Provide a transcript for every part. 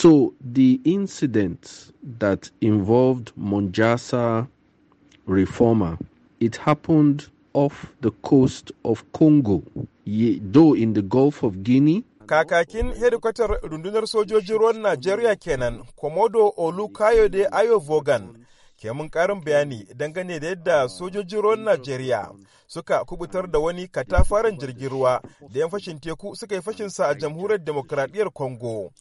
So the incident that involved Monjasa reformer, it happened off the coast of Congo, though in the Gulf of Guinea. Kakakin hedikwatar rundunar sojojin ruwan Najeriya kenan, Komodo Olukayode Ayo Vogan, ke mun karin bayani dangane da yadda sojojin ruwan Najeriya suka kubutar da wani katafaren jirgin ruwa da yan fashin teku suka yi fashinsa a jamhuriyar demokradiyyar congo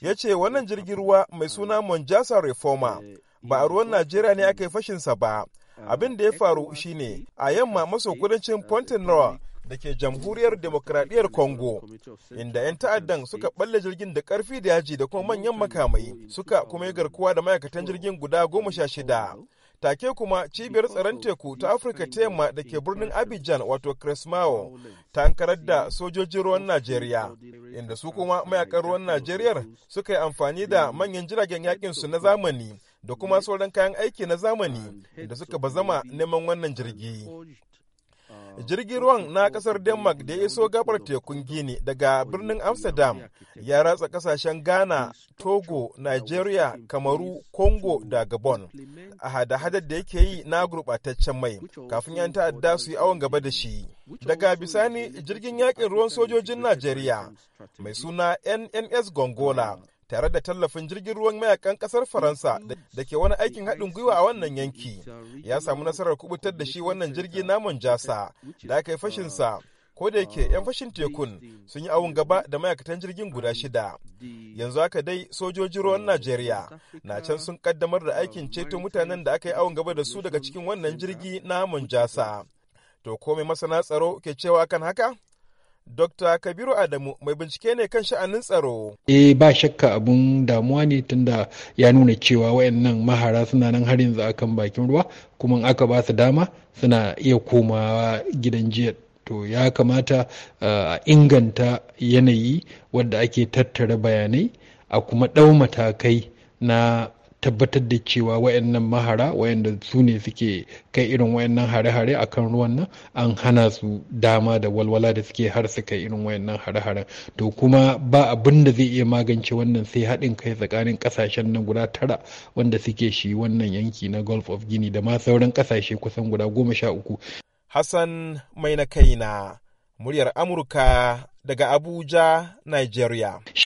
ya ce wannan jirgin ruwa mai suna monjasa reforma ba a ruwan najeriya ne aka yi fashinsa ba abin da ya faru shine a yamma maso kudancin Fontenoy da ke jamhuriyar demokradiyyar congo inda 'yan ta'addan suka balle jirgin da karfi da yaji da kuma manyan makamai suka kuma yi garkuwa da ma'aikatan jirgin guda goma sha shida take kuma cibiyar tsaron teku ta afirka ta yamma da ke birnin abijan wato krismawo ta ankarar da sojojin ruwan najeriya inda su kuma mayakan ruwan najeriyar suka yi amfani da manyan jiragen yakin su na zamani da kuma sauran kayan aiki na zamani da suka bazama neman wannan jirgi jirgin ruwan na kasar denmark da ya iso gabar tekun gini daga birnin amsterdam ya ratsa kasashen ghana togo nigeria kamaru congo da gabon a hada-hadar da yake yi na gurbataccen mai kafin 'yan ta'adda su yi awon gaba da shi daga bisani jirgin yakin ruwan sojojin najeriya mai suna nns gongola tare da tallafin jirgin ruwan mayakan kasar faransa da ke wani aikin haɗin gwiwa a wannan yanki ya samu nasarar kubutar da shi wannan jirgi namun jasa da aka yi fashinsa ko da yake 'yan fashin tekun sun yi awun gaba da ma'aikatan jirgin guda shida yanzu haka dai sojojin ruwan najeriya na can sun kaddamar da aikin ceto mutanen da aka yi awun gaba da su daga cikin wannan jirgi namun jasa to ko mai masana tsaro ke cewa kan haka Dokta Kabiru Adamu mai bincike ne kan sha'anin tsaro. E ba shakka abun damuwa ne tunda ya nuna cewa wayannan mahara suna nan har yanzu akan bakin ruwa kuma aka ba su dama suna iya komawa gidan jiya to ya kamata a inganta yanayi wadda ake tattara bayanai a kuma ɗau matakai na tabbatar da cewa wayannan mahara wayanda su ne suke kai irin wayannan hare-hare a kan ruwan nan an hana su dama da walwala da suke har su kai irin wayannan hare-haren to kuma ba abin da zai iya magance wannan sai haɗin kai tsakanin ƙasashen nan guda tara wanda suke shi wannan yanki na Gulf of Guinea da ma sauran ƙasashe kusan guda goma sha uku. Hassan mai na kai na muryar Amurka daga Abuja, Nigeria.